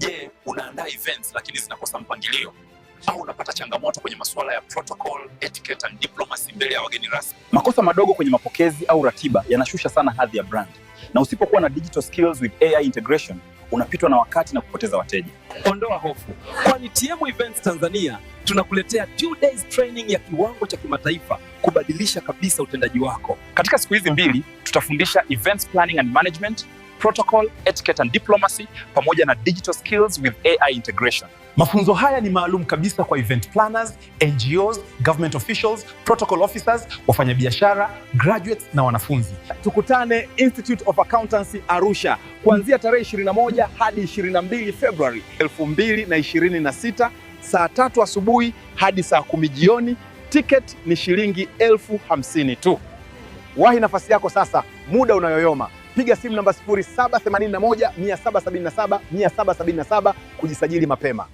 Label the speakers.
Speaker 1: Je, unaandaa events lakini zinakosa mpangilio au unapata changamoto kwenye masuala ya protocol, etiquette and diplomacy mbele ya wageni rasmi?
Speaker 2: Makosa madogo kwenye mapokezi au ratiba yanashusha sana hadhi ya brand, na usipokuwa na digital skills with AI integration unapitwa na wakati na kupoteza wateja.
Speaker 3: Ondoa hofu, kwani TM Events Tanzania tunakuletea two days training ya kiwango cha kimataifa kubadilisha kabisa utendaji wako.
Speaker 4: Katika siku hizi mbili tutafundisha events planning and management protocol, etiquette and diplomacy pamoja na digital skills with AI integration.
Speaker 5: Mafunzo haya ni maalum kabisa kwa event planners, NGOs, government officials, protocol officers, wafanyabiashara, graduates na wanafunzi.
Speaker 6: Tukutane Institute of Accountancy Arusha kuanzia tarehe 21 hadi 22 Februari 2026 saa tatu asubuhi hadi saa kumi jioni. Tiketi ni shilingi elfu hamsini tu.
Speaker 7: Wahi nafasi yako sasa, muda unayoyoma piga simu namba 0781 777 777 kujisajili mapema.